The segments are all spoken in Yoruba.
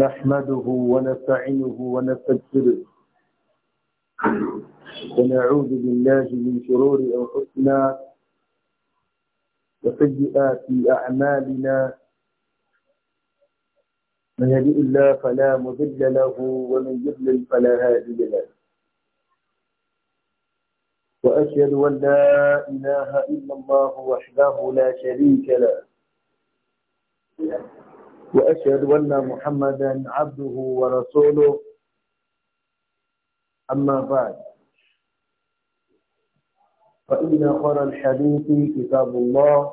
نحمده ونستعينه ونستغفره ونعوذ بالله من شرور انفسنا وسيئات اعمالنا من يهدئ الله فلا مضل له ومن يضلل فلا هادي له واشهد ان لا اله الا الله وحده لا شريك له وأشهد أن محمدا عبده ورسوله أما بعد فإن خير الحديث كتاب الله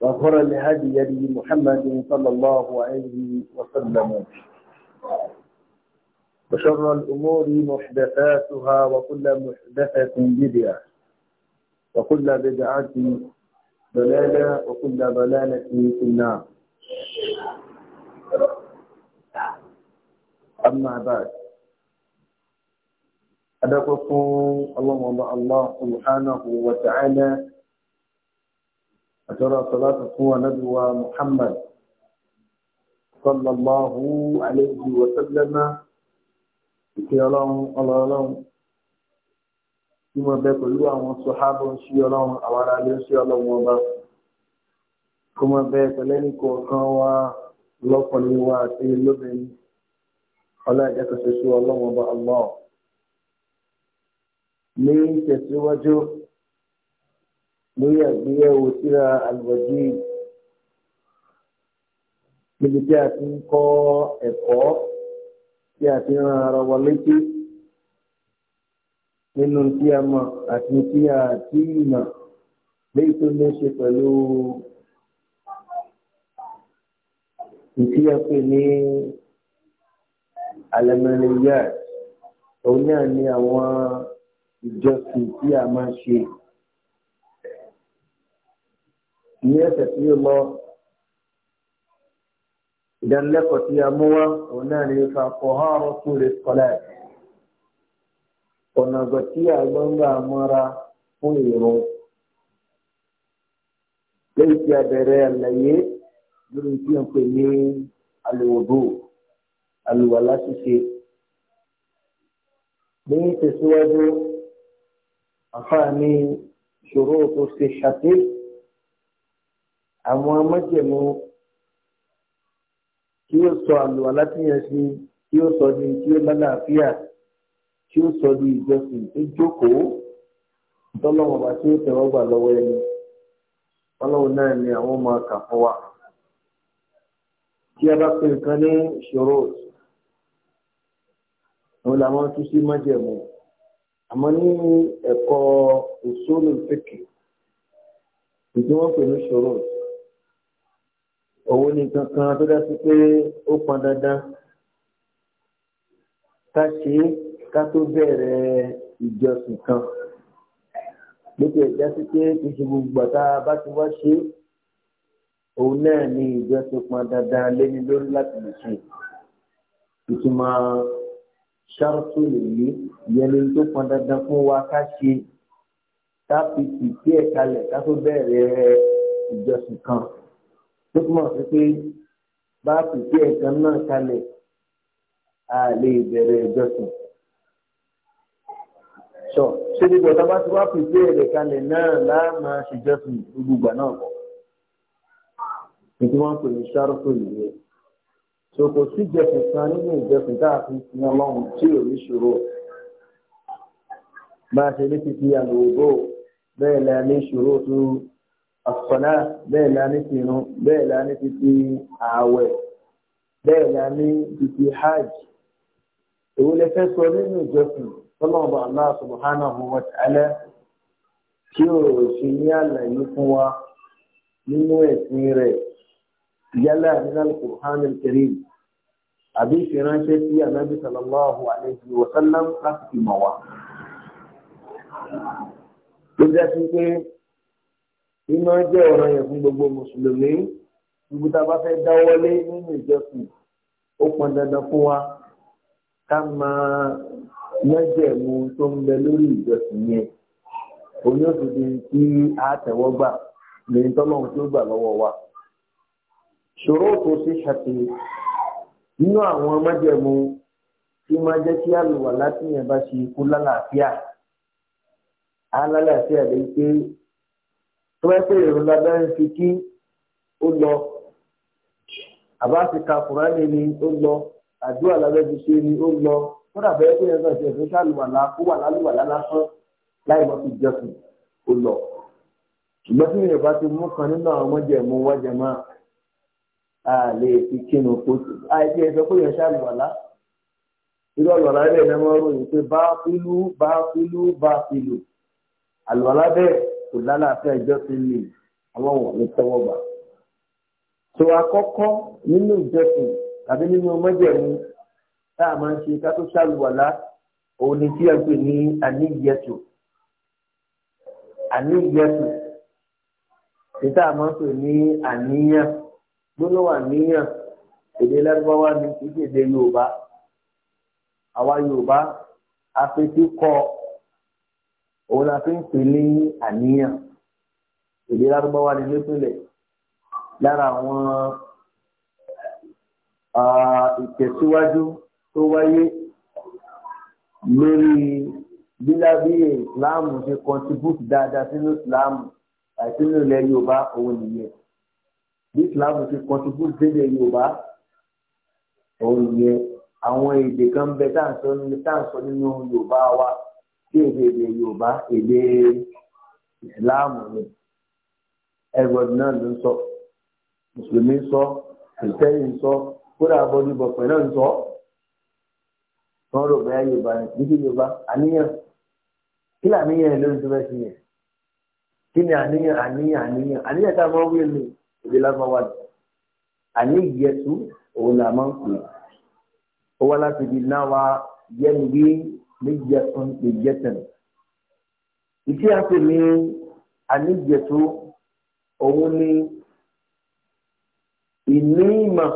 وخير الهدي هدي محمد صلى الله عليه وسلم وشر الأمور محدثاتها وكل محدثة بدعة وكل بدعة ضلالة وكل ضلالة في النار أما بعد أدقكم اللهم الله سبحانه وتعالى أترى صلاة ونبوى محمد صلى الله عليه وسلم ìpè ọlọ́run ọlọ́run tí mo bẹ pẹ̀lú àwọn sọ́hábọ̀ ń ṣí ọlọ́run àwọn aráalé ń ṣí ọlọ́run ọba kó máa bẹ pẹ̀lẹ́ ní kọ̀ọ̀kan wa lọ́kùnrin wa àti lóbìnrin ọlọ́ọ̀jẹ́ kan ṣoṣo ọlọ́wọ́n bá Allah. ní tẹ̀síwájú lórí àgbéyẹ̀wò síra àlùbọ̀dì níbi tí a ti ń kọ́ ẹ̀kọ́ tí a ti ń ran ara wa létí nínú tí a mọ̀ àti tí a ti mọ̀ léyìí tó ní ṣe pẹ̀lú ìtí ẹ pè ní alẹ́mẹ́lẹ́yà òun náà ní àwọn ìjọsìn tí a máa ṣe ní ẹsẹ̀ tí ó lọ ìdánilẹ́kọ̀ọ́ tí a mú wá òun náà ní fàkọ̀ ọ̀rọ̀ tó lè kọ́lá ẹ̀ ọ̀nà àgbà tí àgbọ̀ngbà mọ́ra fún ìrún lẹ́yìn tí a bẹ̀rẹ̀ àlàyé lórí tí wọ́n pè ní alùwòdò àlùwàlá ṣíṣe. Ní tẹ̀síwájú, àfààní ìṣòro tó ṣe ṣàté àwọn amájẹ̀mú tí ó sọ àlùwàlá tí yẹn ṣe tí ó sọ di tí ó lálàáfíà tí ó sọ di ìjọsìn tó jókòó tọ́lọ́wọ́n bá tí ó tẹ̀wọ́ gbà lọ́wọ́ ẹni. Ọlọ́run náà ni àwọn máa kà wa tí a bá pè nǹkan ní shurut òun làwọn tún sí májẹ̀mú àmọ́ ní ẹ̀kọ́ usulu fiqh ìdí wọ́n pè ní shurut òun ni kankan tó dá sí pé ó pọn dandan ká ṣe é ká tó bẹ̀rẹ̀ ìjọsìn kan lókè ìdásí pé kì í ṣe gbogbo àtà ṣe é òun náà ni ìjọ tó pọn dandan lẹ́ni lórí láti lè ṣe ìtumọ̀ ṣáàtú lèyí ìyẹn lórí tó pọn dandan fún wa ká ṣe ká fi tìtì ẹ̀ kalẹ̀ ká tó bẹ̀rẹ̀ ìjọsìn kan tó túmọ̀ sí pé bá tìtì ẹ̀ kan náà kalẹ̀ a lè bẹ̀rẹ̀ ìjọsìn sọ ṣé gbogbo ọ̀tá bá ti wá pèsè ẹ̀rẹ̀ kalẹ̀ náà láà ṣèjọsìn gbogbo ìgbà náà kọ́ nítorí wọ́n ń pè ní ṣáròtò ìwé so kò sí ìjẹsìn kan nínú ìjẹsìn tá a fi sin ọlọ́run tí ò ní ṣòro bá a ṣe ní fífi àlòògbò bẹ́ẹ̀ la ní ṣòro tó àfọ̀nà bẹ́ẹ̀ la ní tìrun bẹ́ẹ̀ la ní fífi ààwẹ̀ bẹ́ẹ̀ la ní fífi hajj èwo lè fẹ́ sọ nínú ìjọsìn tọ́lọ́mọba Allah subhanahu wa ta'ala tí ò ṣe ní àlàyé fún wa nínú ẹ̀sìn rẹ̀ yálà nínú alukur'an alkarim àbí ìfiránṣẹ́ sí anabi sallallahu alayhi wa sallam láti fi mọ̀ wá. ló jẹ́ sí pé iná jẹ́ ọ̀ràn yẹn fún gbogbo mùsùlùmí gbogbo tá a bá fẹ́ dáwọ́lé nínú ìjọsìn ó pọn dandan fún wa ká máa mẹ́jẹ̀mú tó ń bẹ lórí ìjọsìn yẹn oní òṣèlú tí a tẹ̀wọ́ gbà lè ń tọ́lọ́run gbà lọ́wọ́ wa ṣòro tó ṣe ṣàtìlẹ́ nínú àwọn májẹ̀mú tí máa jẹ́ kí àlùwà láti yẹn bá ṣe ikú lálàáfíà alálàáfíà lè pé tó bá pè èrò lábẹ́rẹ́ fi kí ó lọ àbá ti ka kùránì ni ó lọ àdúrà lábẹ́ fi ṣe ni ó lọ kódà bẹ́ẹ̀ pé yẹn náà ṣe fún ṣàlùwàlá kó wà lálùwàlá lásán láì mọ́ fi jẹ́kù ó lọ ṣùgbọ́n tí yẹn ti mú kan nínú àwọn ọmọdé ẹ̀mú a lè fi kínu kóòtù àìsí ẹsẹ pé yẹn ṣàlùwàlá irú àlùwàlá bẹ́ẹ̀ ni wọ́n ròyìn pé bá pílú bá pílú bá pílú àlùwàlá bẹ́ẹ̀ kò lálàáfíà ẹjọ́ ti lè àwọn wọ̀n ní tẹ́wọ́ gbà. tó àkọ́kọ́ nínú ìjọsìn tàbí nínú mọ́jẹ̀mú tá a máa ń ṣe ká tó ṣàlùwàlá òun ni tí a pè ní àníyẹ̀tù àníyẹ̀tù tí tá a máa ń pè ní àníyàn gbólóhùn àníyàn èdè lárúbáwá ni kì í ṣe èdè yorùbá àwa yorùbá afetíkọ òun la fi ń pè ní àníyàn èdè lárúbáwá ni nípìnlẹ̀ lára àwọn ìtẹ̀síwájú tó wáyé lórí bílábí ìsìláàmù ṣe kọntibútì dáadáa sínú ìsìláàmù àti sínú ilẹ̀ yorùbá òun nìyẹn bí islam ti kọtùkú délé yorùbá òun yẹn àwọn èdè kan bẹ tá à ń sọ nínú yorùbá wa tí èdè èdè yorùbá èdè islam ni ẹgbẹ̀rún náà ló ń sọ mùsùlùmí sọ kìrìtẹ́nì sọ kódà abọ́dúbọ̀pẹ̀ náà ń sọ wọ́n rò bẹ́ẹ̀ yorùbá ni níbi yorùbá àníyàn kí làníyàn ló ń tó bẹ́ẹ̀ sí yẹn kí ni àníyàn àníyàn àníyàn àníyàn tá a máa ń èdè lásán wà jù àní ìyẹtù òun là máa ń pè ó wá láti ibi náà wá yẹnu bí níjẹtun ìjẹtun ìtí àti mi àní ìyẹtù òun ni ìní ìmọ̀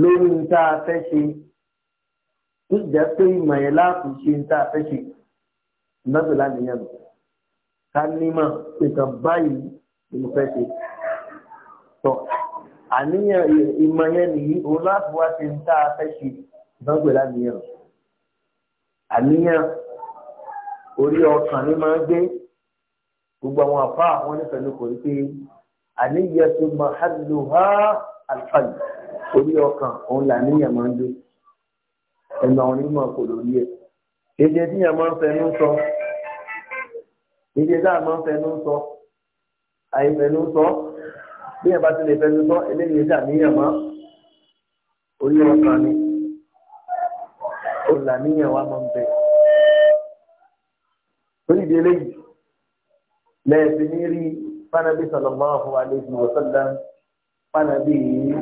lórí níta fẹ́ ṣe tó jẹ́ pé ìmọ̀ yẹn láàfin ṣe níta fẹ́ ṣe nígbàgbé láti yẹn ká nímọ̀ pé kan báyìí ni mo fẹ́ ṣe. tọ́ àníyàn ìmọ̀ yẹn nìyí òun láti wá ṣe ń tá a fẹ́ ṣe ìdánwò láníyàn. àníyàn orí ọkàn ni máa ń gbé gbogbo àwọn àfa àwọn onífẹ̀ẹ́ kò ní pé àníyàn tó máa hàlù ha àlùfáàlù orí ọkàn òun làníyàn máa ń gbé ẹnu àwọn onímọ̀ kò lórí ẹ̀. èdè tí máa ń fẹnu sọ èdè tá máa ń fẹnu sọ àìfẹnu sọ bí ẹ bá ti lè fẹnu sọ eléyìí ṣe àníyàn mọ orí ọkàn ni olùlàníyàn wa máa ń bẹ torí ìdí eléyìí lẹ́ẹ̀sì ní rí fanabi sallallahu alaihi wa sallam fanabi yìí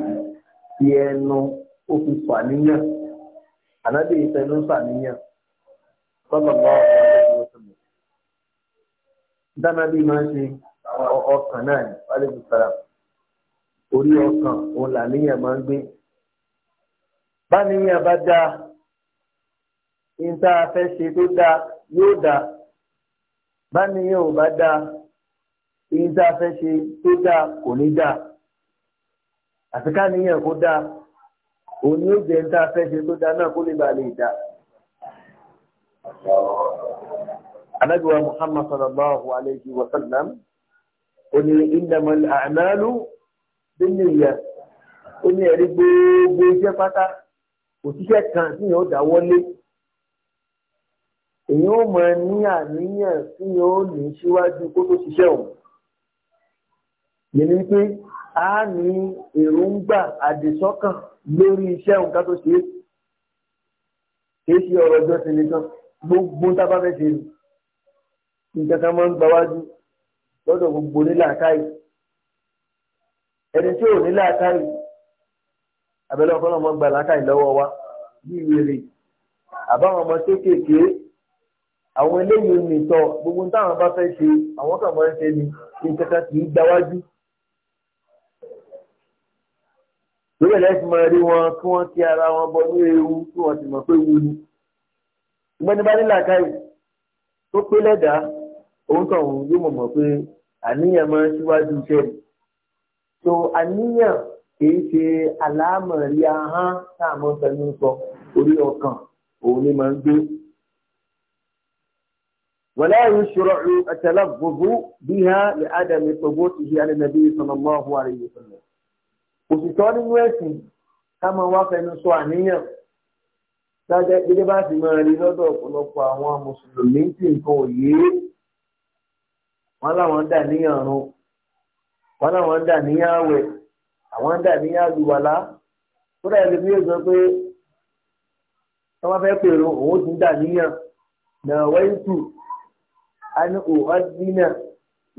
ti ẹnu ó fi sàníyàn ànábì ìfẹnu sàníyàn sallallahu alaihi wa sallam dánábì máa ń ṣe ọkàn náà ní wàlẹ́kùn sara orí ọkàn òun làníyàn máa ń gbé báníyàn bá dáa níta fẹ́ ṣe tó dáa yóò dáa báníyàn ò bá dáa níta fẹ́ ṣe tó dáa kò ní dáa àti káníyàn kó dáa òun ni ó jẹ́ níta fẹ́ ṣe tó dáa náà kó lè bàa lè dáa. Ànábì wa Muhammad sallallahu alayhi wa ó ní innamal a'malu binniyat ó ní ẹ̀rí gbogbo iṣẹ́ pátá òṣìṣẹ́ kan tí yóò dáwọ́lé èyí ó mọ ní àníyàn tí yóò ní síwájú kó tó ṣiṣẹ́ òun yẹn ni pé a ní èròǹgbà àdìsọ́kàn lórí iṣẹ́ òun ká tó ṣe é kìí ṣe ọ̀rọ̀ ọjọ́ sí nìkan gbogbo tá a bá fẹ́ ṣe nù nǹkan kan máa ń gbáwájú lọ́dọ̀ gbogbo nílàákàyè ẹni tí ò nílàákàyè abẹ́lẹ́ ọ̀fọ́nà ọmọ gbà láàkàyè lọ́wọ́ wa bí wèrè àbáwọn ọmọ kéékèèké àwọn eléyìí nìtọ gbogbo táwọn bá fẹ́ ṣe àwọn kan máa ń ṣe ni ní kankan kì í gbáwájú. lórí ẹlẹ́sìn máa rí wọn kí wọ́n ti ara wọn bọ ní ewu kí wọ́n ti mọ̀ pé wu ni. ìgbẹ́ni bá nílàákàyè tó pé lẹ́dàá òun kan òun yóò mọ̀ pé àníyàn máa ń síwájú iṣẹ́ so àníyàn kìí ṣe aláàmọ̀rí ahán tá a mọ̀ sẹ́nu sọ orí ọkàn òun ni máa ń gbé. ولا يشرع التلفظ بها لعدم ثبوته عن النبي صلى الله عليه وسلم òṣìṣọ́ nínú ẹ̀sìn ká máa wá fẹnu sọ àníyàn sáájẹ́ gbẹdẹ́ bá ti máa rí lọ́dọ̀ ọ̀pọ̀lọpọ̀ àwọn mùsùlùmí tí nǹkan ò yé wọ́n láwọn dà níyàn run wọ́n láwọn dà níyàn àwẹ̀ àwọn dà níyàn àlùwàlá tó dà ẹni bí yóò sọ pé wọ́n bá fẹ́ pèrò òun ti dà níyàn nà wẹ́ńtù á ní òhádínà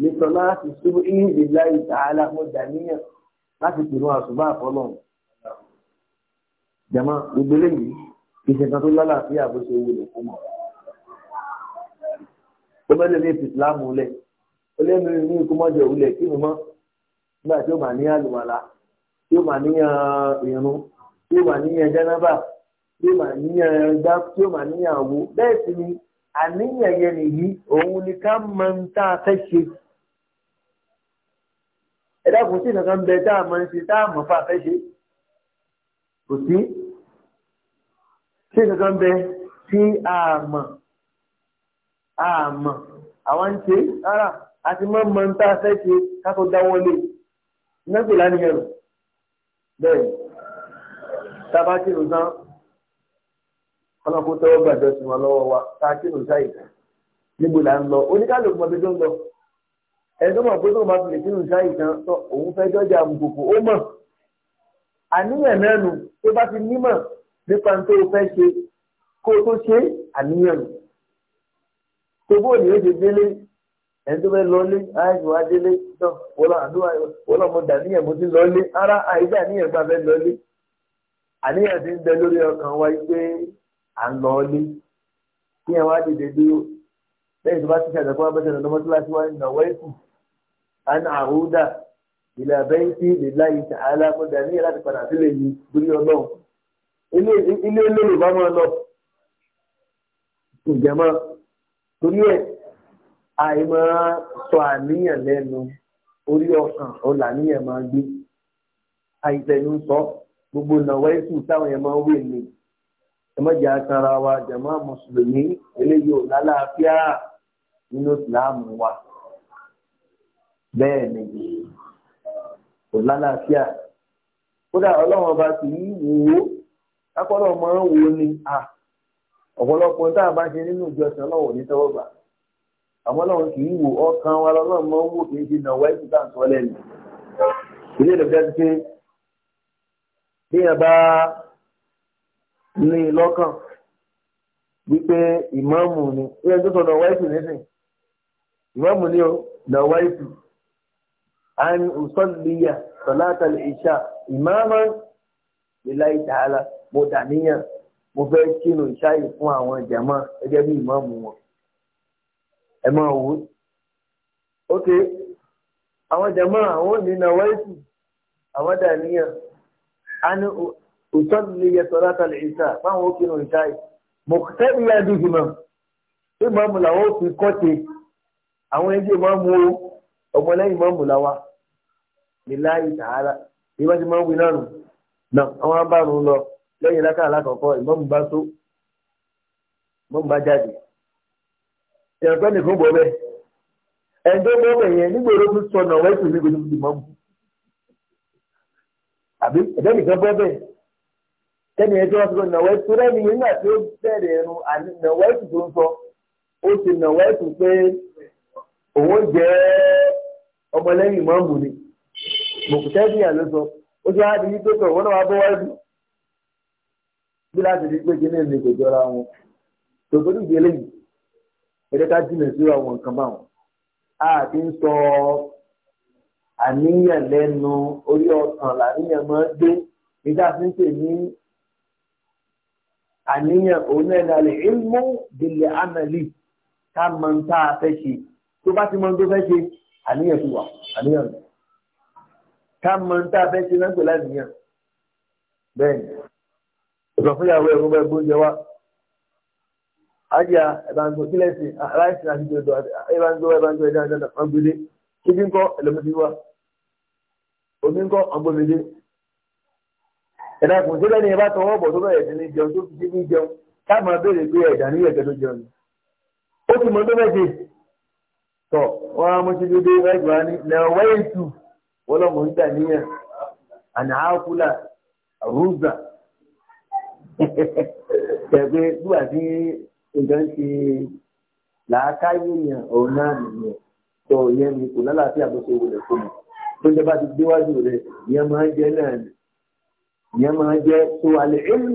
lẹ́tọ̀ láti ṣubú ìhìndì láì tààlà mo dà níyàn láti pèrò àṣùbà àfọlọ́run jama gbogbo eléyìí kì í ṣe kan tó lálàáfíà bó ṣe wúlò fún mọ. ó bẹ́ẹ̀ lè ìsìlámù lẹ̀ olómìnir ní ikú mọ́jọ òwúlẹ̀ kí ni mọ́ nígbà tí ó máa ní àlùmọ̀lá tí ó máa níyàn irun uh, tí ó máa níyàn uh, jẹ́nẹ́bà tí ó máa níyàn uh, gbá tí ó máa níyàn àwo bẹ́ẹ̀ sì ni àníyàn yẹn nìyí òun ni ká mọ ń tá a fẹ́ ṣe ẹ dákun sí nǹkan bẹ tá a mọ ń ṣe tá a mọ̀ fà fẹ́ ṣe kò sí sí nǹkan bẹ tí a mọ̀ a mọ̀ àwọn ń ṣe rárá àti mọ́ mọ́ ń tá a fẹ́ ṣe kákó dáwọ́ lé nọ́ọ̀sì lánìyàn rò bẹ́ẹ̀ tábà tí ò tán ọlọ́kùn tẹ́wọ́ gbàjọ́ sí wọn lọ́wọ́ wa tá a tí ò sáyé níbo là ń lọ oníkálùkù mọ̀ bí tó ń lọ ẹ̀dọ́ mọ̀ pé tó bá fi lè sínú sáyì kan sọ òun fẹ́ jọ́jà àmùkòkò ó mọ̀ àníyàn náà tó bá ti nímọ̀ nípa tó o fẹ́ ṣe kó o tó ṣe àníyàn tó bóòlù yóò ṣe ẹni tó fẹ́ lọlé àìsàn wa délé náà wọlọ àdúrà wọlọ mo dàníyàn mo ti lọlé ara àìsàn àníyàn gba fẹ́ lọlé àníyàn ti ń bẹ lórí ọkàn wa pé à ń lọlé kí ẹ wá dìde dúró lẹ́yìn tó bá ti ṣàtẹ̀kọ́ abẹ́sẹ̀ lọ́dọ́ mọ́tíláṣí wa nà wẹ́ẹ̀kù àná àhúdà ìlà bẹ́ńtì ìlà ìtà alámọ́dà ní láti padà sílẹ̀ yìí lórí ọlọ́run ilé olóòrùn bá máa lọ àìmọ̀ sọ àníyàn lẹ́nu orí ọkàn ọ̀làníyàn máa gbé àìtẹ̀nu sọ gbogbo ìnáwó ẹ̀sùn táwọn yẹn máa wé ni ẹmọ́jà sanra wa jàmá mùsùlùmí eléyìí ò lálàáfíà nínú ìsìláàmù wa bẹ́ẹ̀ ni ò lálàáfíà kódà ọlọ́run ọba kì í wò ó kápọ́lọ́ máa ń wò ó ni ọ̀pọ̀lọpọ̀ tá a bá ṣe nínú ìjọsìn ọlọ́run ò ní tẹ́wọ́ gbà á àwọn ọlọ́run kì í wò ọkàn wa lọ́lọ́run mọ́ wò kì í ṣe nà wáyé títà ń sọ lẹ́nu ilé ìdọ̀gá ti pé bíyàn bá ní lọ́kàn wípé ìmáàmù ni bíyàn tó sọ nà wáyé tù nísìn ìmáàmù ni ó nà wáyé tù an usalliya salatal isha imaman lillahi ta'ala mo dàníyàn mo fẹ́ kírun ìṣáyè fún àwọn jàmá gẹ́gẹ́ bí ìmáàmù wọn ẹ máa wò ó ok àwọn jàmọ́ àwọn ò ní náwó ètù àwọn dàníyàn a ní òtọ́lù lè yẹ sọ́lá tàlẹ̀ ìṣá báwọn ó kírun ìṣá yìí mọ̀kútẹ́ ìyá àdúgbò náà bí màmú làwọn ò fi kọ́tẹ àwọn ẹgbẹ́ màmú o ọmọlẹ́yìn màmú làwa nílá ìtàhálà bí wọ́n ti máa ń wí náà nù náà àwọn abárùn lọ lẹ́yìn lákàlà kọ̀ọ̀kọ́ ìmọ̀mù bá tó ìmọ̀mù bá jáde. ẹ̀rọ̀pẹ́ nìkan bọ̀ bẹ́ẹ̀ ẹ̀ńdó bọ́ bẹ̀ yẹn nígbà èrò tó sọ náà wẹ́ẹ̀sì mi kò ní fi máa àbí ẹ̀dẹ́ nìkan bọ́ bẹ́ẹ̀ tẹ́ni ẹjọ́ sọ náà wẹ́ẹ̀sì rẹ̀ ni nígbà tí ó bẹ̀rẹ̀ ẹ̀rùn náà wẹ́ẹ̀sì tó ń sọ ó ti náà pé òun jẹ́ ọmọlẹ́yìn ẹ̀jẹ̀ ká jìnnà sí àwọn nǹkan báwọn a ti ń sọ àníyàn lẹ́nu orí ọkàn làníyàn máa ń dé nígbà tí ń pè ní àníyàn òun náà ní alẹ́ ìmú ìdílé amẹ́lì ká mọ ń tá a fẹ́ ṣe tó bá ti mọ tó fẹ́ ṣe àníyàn ti wà àníyàn ká mọ ń tá a fẹ́ ṣe náà pẹ̀lú bẹ́ẹ̀ ni ìsọfúnyàwó ẹ̀kọ́ bá ẹgbẹ́ oúnjẹ àjà ẹ̀bàǹgbò sílẹ̀ sí aláìsí àti ìjọdọ̀ ẹ̀bàǹgbò ẹ̀bàǹgbò ẹ̀dá ẹ̀dá ọ̀gbẹ̀dẹ̀ kíbi ńkọ́ ẹlòmísí wa omi ńkọ́ ọ̀gbọ̀mẹ̀dẹ̀ ẹ̀dá kùn sílẹ̀ ní ẹ̀bá tọwọ́ bọ̀ tó bẹ̀rẹ̀ sí ní jẹun tó fi sí ní jẹun táàmù abéèrè pé ẹ̀dá ní ẹ̀kẹ́ tó jẹun ó ti mọ tó mẹ́jẹ tọ̀ wọ́n á mú sí dédé ẹgbẹ̀ wá ní lẹ́wọ́ ètù wọ́n lọ́mọ ń tà níyàn àná ákúlà rúzà ẹgbẹ́ gbúgbà sí nǹkan ti làákàyè yẹn òun náà nìyẹn tó yẹn ni kò lálàáfíà bó ṣe wọlé fún mi tó ń jẹ́ bá ti déwájú rẹ̀ yẹn máa ń jẹ́ náà ni yẹn máa ń jẹ́ tó àlè ìlmú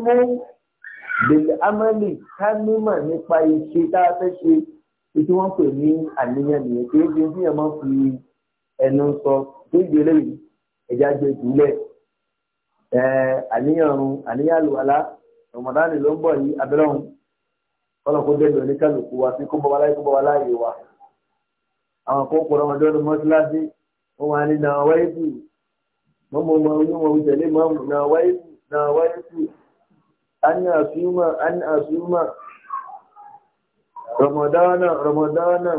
bẹ̀lẹ̀ amálì ká mímọ̀ nípa iṣẹ́ tá a fẹ́ ṣe tí wọ́n pè ní àníyàn nìyẹn kí ebi tí yẹn máa fi ẹnu sọ tó ìgbélé yìí ẹ̀já gbé jùlẹ̀ àníyàn àníyàn lùwàlá ọmọdé ló ń bọ̀ yìí abẹ́rẹ́ ọ̀hún kọ́lọ́kọ́ dẹ́nu oníkálukú wa sí kó bọ́ wáláyé kó bọ́ wáláyé wa àwọn kan kọ́ ọmọdé ọdún mọ́síláṣí wọn wà ní náà wáyé tù mọ́mọ́ ọmọ inú wọn tẹ̀lé mọ́mọ́ náà wáyé tù náà wáyé tù ani àsúmọ̀ ani àsúmọ̀ rọmọdánà rọmọdánà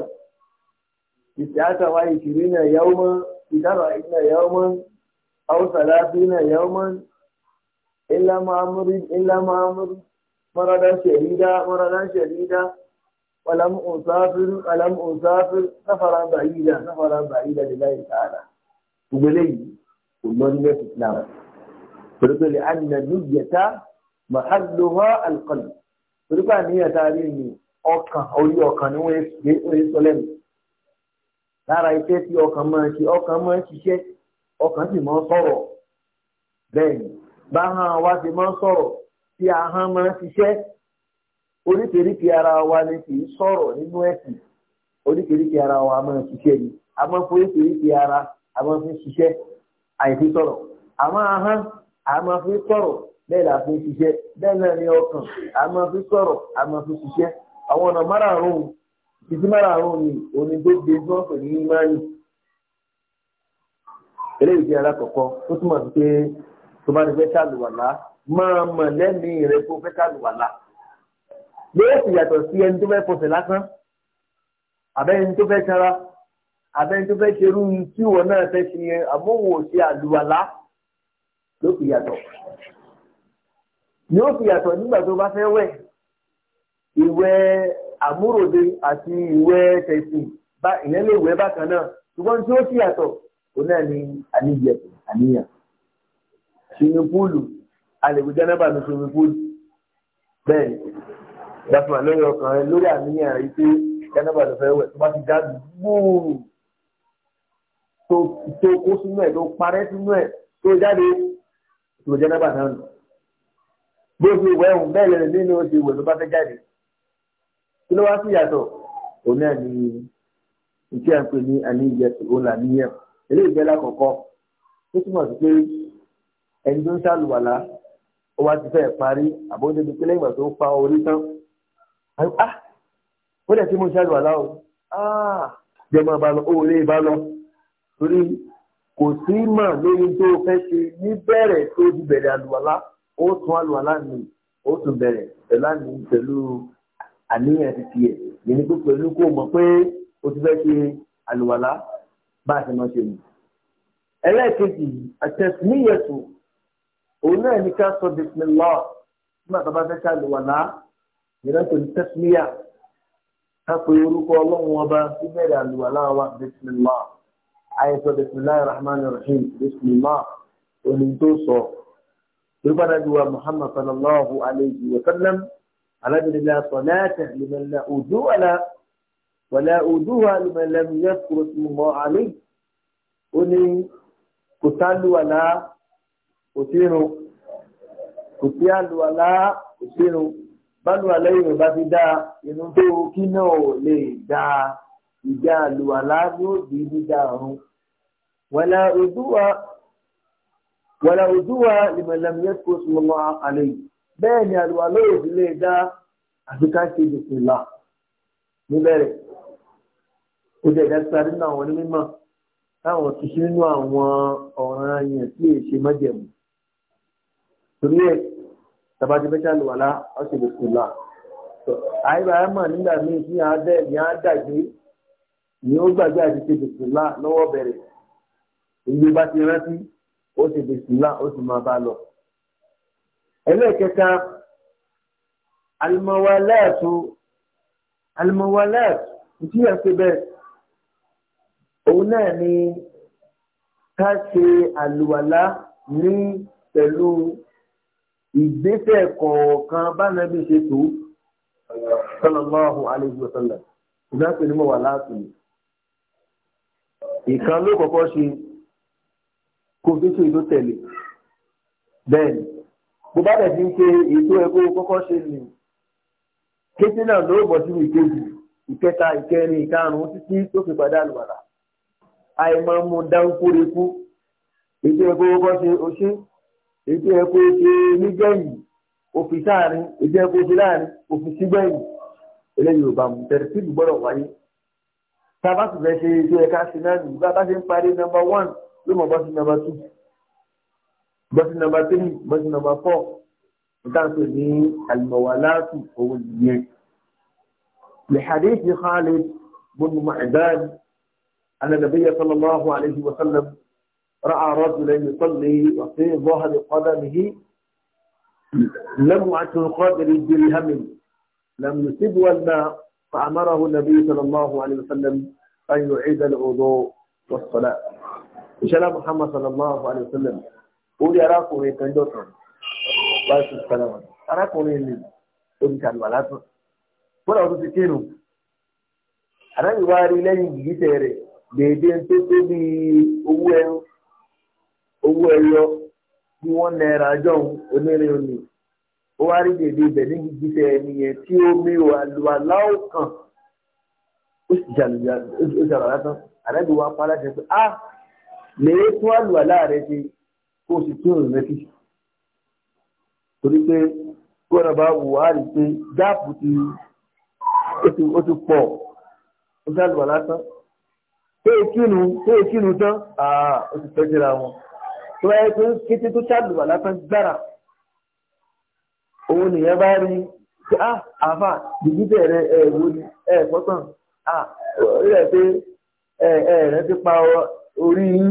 ìtìátà wa ìṣìrí náà yàwó mọ́ ìtàrà náà yàwó mọ́ haúsàlá sí náà yàwó mọ́ ìlàmọ́ amúrí ìlàmọ́ amúrí. مرضا شديدا مرضا شديدا ولم أسافر ولم أسافر سفرا بعيدا سفرا بعيدا لله تعالى وبلي ومن الإسلام فرق لأن النية محلها القلب فرق أن هي تعليمي ọkàn orí ọkàn ni wọ́n gbé orí sọ lẹ́nu lára iṣẹ́ tí ọkàn máa ṣe ọkàn máa ṣiṣẹ́ ọkàn sì máa tí ahọ́n máa ń ṣiṣẹ́ oríkèéríkèé ara wa ni kì í sọ̀rọ̀ nínú ẹ̀sìn oríkèéríkèé ara wa máa ń ṣiṣẹ́ ni a máa ń fi oríkèéríkèé ara a máa ń fi ṣiṣẹ́ àìfi sọ̀rọ̀ àmọ́ ahọ́n a máa fi sọ̀rọ̀ bẹ́ẹ̀ la fi ṣiṣẹ́ bẹ́ẹ̀ náà ni ọkàn a máa fi sọ̀rọ̀ a máa fi ṣiṣẹ́ àwọn ọ̀nà márààrún títí márààrún ni òní tó de tí wọ́n pè ní imáni eléyìí jẹ́ alákọ̀ọ́kọ́ tó túmọ̀ sí pé tó bá ti fẹ́ ṣàlùwàlá máa mọ̀ lẹ́mìí rẹ tó fẹ́ ṣàlùwàlà yóò sì yàtọ̀ sí ẹni tó fẹ́ fọsẹ̀ lásán àbẹ́ni tó fẹ́ ṣara àbẹ́ni tó fẹ́ ṣerú tí wọn náà fẹ́ ṣe yẹn àmóhùn òṣè àlùwàlà yóò fi yàtọ̀ yóò fi yàtọ̀ nígbà tó bá fẹ́ wẹ̀ ìwẹ̀ àmúròde àti ìwẹ̀ tẹ̀sí ìyẹn lè wẹ̀ bákan náà ṣùgbọ́n tí ó sì yàtọ̀ òun náà ni àníyàn àníyàn sinimu púùlù àlèkò jẹ́nẹ́bà ní sọmi fúdì bẹ́ẹ̀ dàpọ̀ lórí ọkàn rẹ lórí àníyàn rẹ pé jẹ́nẹ́bà ló fẹ́ wẹ̀ tó bá ti dá gbòòrò tó kó sínú ẹ̀ tó parẹ́ sínú ẹ̀ tó jáde tó jẹ́nẹ́bà náà nù bó ṣe wẹ̀ ọ̀hún bẹ́ẹ̀ lẹ́nu nínú ṣe wẹ̀ tó bá fẹ́ jáde kí ló wá sí ìyàtọ̀ òun náà ni ìtí à ń pè ní àníyẹ òun là níyẹ eléyìí jẹ́ lákọ̀ọ́kọ́ tó túmọ̀ sí pé ẹni tó ń ṣàlùwàlá ó wá ti fẹ́ parí àbójú bíi pé lẹ́yìn ìgbà tó pa orí tán ah, ó dẹ̀ tí mo ṣàlùwà láwọ̀ ah, jẹ́ máa bá lọ ó lè bá lọ torí kò sí mà lórí tó fẹ́ ṣe ní bẹ̀rẹ̀ tó ti bẹ̀rẹ̀ àlùwàlá ó tún àlùwàlá mi ó tún bẹ̀rẹ̀ pẹ̀lú àmì pẹ̀lú àníyàn ti tiẹ̀ yìí pé pẹ̀lú kó mọ̀ pé ó ti fẹ́ ṣe àlùwàlá bá a ṣe máa ṣe nù. ẹlẹ́ẹ̀kejì àtẹ̀síníyẹ̀sùn òun náà ní ká sọ bisimilá nígbà tó bá fẹ́ ká lè wà náà ìrẹ́ tó ní tẹ́sílíà ká pe orúkọ ọlọ́run ọba sí bẹ́ẹ̀rẹ̀ àlùwàlá wa bisimilá àyẹ̀sọ bisimilá rahman rahim bisimilá òní tó sọ ìrúpadà ju wa muhammad sallallahu alayhi wa sallam alábìrìlá sọláàtà lùmẹ̀lá òdú wàlá wàlá òdú wa lùmẹ̀lá yẹ kúrò sí mọ́ àlè ó ní kò sálùwàlá kò sí irun kò sí àlùwàlá kò sí irun bálùwàlá irun bá ti dáa irun tó kí náà ò lè dáa ìjà àlùwàlá yóò di dídá ọ̀run. wàlà òdúwà wàlà òdúwà ìmọ̀lẹ́mìyẹ́ kò sùn lọ́wọ́ àlẹ́ bẹ́ẹ̀ ni àlùwàlá òdì lè dá àfi ká ṣe ìdìpínlá níbẹ̀rẹ̀ ó jẹ́ ìdásíta àwọn onímọ̀ táwọn ti ṣe nínú àwọn ọ̀ràn yẹn tí èyí ṣe mọ́jẹ̀mú torí ẹ̀ tabati fẹ́ ṣàlùwàlá ọ̀sẹ̀ lè kù là àyíká ẹ̀ mọ̀ nígbà míì tí yàn á dẹ̀ yàn á dàgbé ni ó gbàgbé àti ṣe bìsìlá lọ́wọ́ bẹ̀rẹ̀ ìgbé bá ti rántí ó ṣe bìsìlá ó sì máa bá lọ. ẹlẹ́ẹ̀kẹta alimọ̀wálẹ́ẹ̀tù alimọ̀wálẹ́ẹ̀tù tí yẹn ṣe bẹ́ẹ̀ òun náà ni ká ṣe àlùwàlá ní pẹ̀lú ìgbésẹ̀ kọ̀ọ̀kan bánàbí ṣe tó sọlọ́láhùn aléjúwọ̀sọ́lá ìdáṣẹ́ ni mo wà láti lè ìkan ló kọ́kọ́ ṣe kó fi ṣe ètò tẹ̀lé bẹ́ẹ̀ ni bó bá dẹ̀ fi ń ṣe ètò ẹ̀kọ́ kọ́kọ́ ṣe ni kété náà ló bọ̀ sínú ìkejì ìkẹta ìkẹrin ìkarùn-ún títí tó fi padà lùwàlà àìmọ́ mu dáńkúrekú ètò ẹ̀kọ́ kọ́kọ́ ṣe o ṣe ètò ẹ̀kọ́ ṣe nígbẹ̀yìn òfin sáàrin ètò ẹ̀kọ́ ṣe láàrin òfin sígbẹ̀yìn eléyìí ò bá mu tẹ̀síìbù gbọ́dọ̀ wáyé tá a bá sì fẹ́ ṣe ètò ẹ̀ka sí náà nù bá a bá ṣe ń parí nọmba one ló mọ̀ bọ́ nọmba two bọ́ nọmba three bọ́ nọmba four nígbà ní àlùmọ̀wálátù owó nìyẹn. لحديث خالد بن معدان أن النبي صلى الله عليه وسلم رأى رجلا يصلي وفي ظهر قدمه لمعة قدر درهم لم يصب الماء فأمره النبي صلى الله عليه وسلم أن يعيد الوضوء والصلاة إن شاء الله محمد صلى الله عليه وسلم قولي أراكم يتنجوكم بس السلام أراكم يلي أبي كان ولاتم فلا أتسكينوا أنا يواري لين يجيسيري بيدين تسبي أوين owó ẹyọ bí wọ́n náírà jọ̀hún onírin òní ó wá rí dèdè ibẹ̀ ní gbígbísẹ̀ ẹnìyẹn tí ó mi ò àlùwàlá ò kàn ó sì ṣàlùyàlù ó sì tán àrẹ́bí wa pa aláṣẹ pé ah lè é tún àlùwàlá rẹ ṣe kó o sì tún òrùn rẹ fi torí pé kí wọn bá wò á rí i pé gáàpù ti ó ti pọ̀ ó ṣàlùwàlá tán pé ìkínu pé ìkínu tán ah, ó ti fẹ́ jẹ́ra wọn tó bá yẹ pé kété tó ṣàlùwà látàn gbára òun nìyẹn bá rí pé ah àfà dìbìtì rẹ ẹ wo ni ẹ fọ́tàn ah rẹ pé ẹ ẹ rẹ ti pa orí yín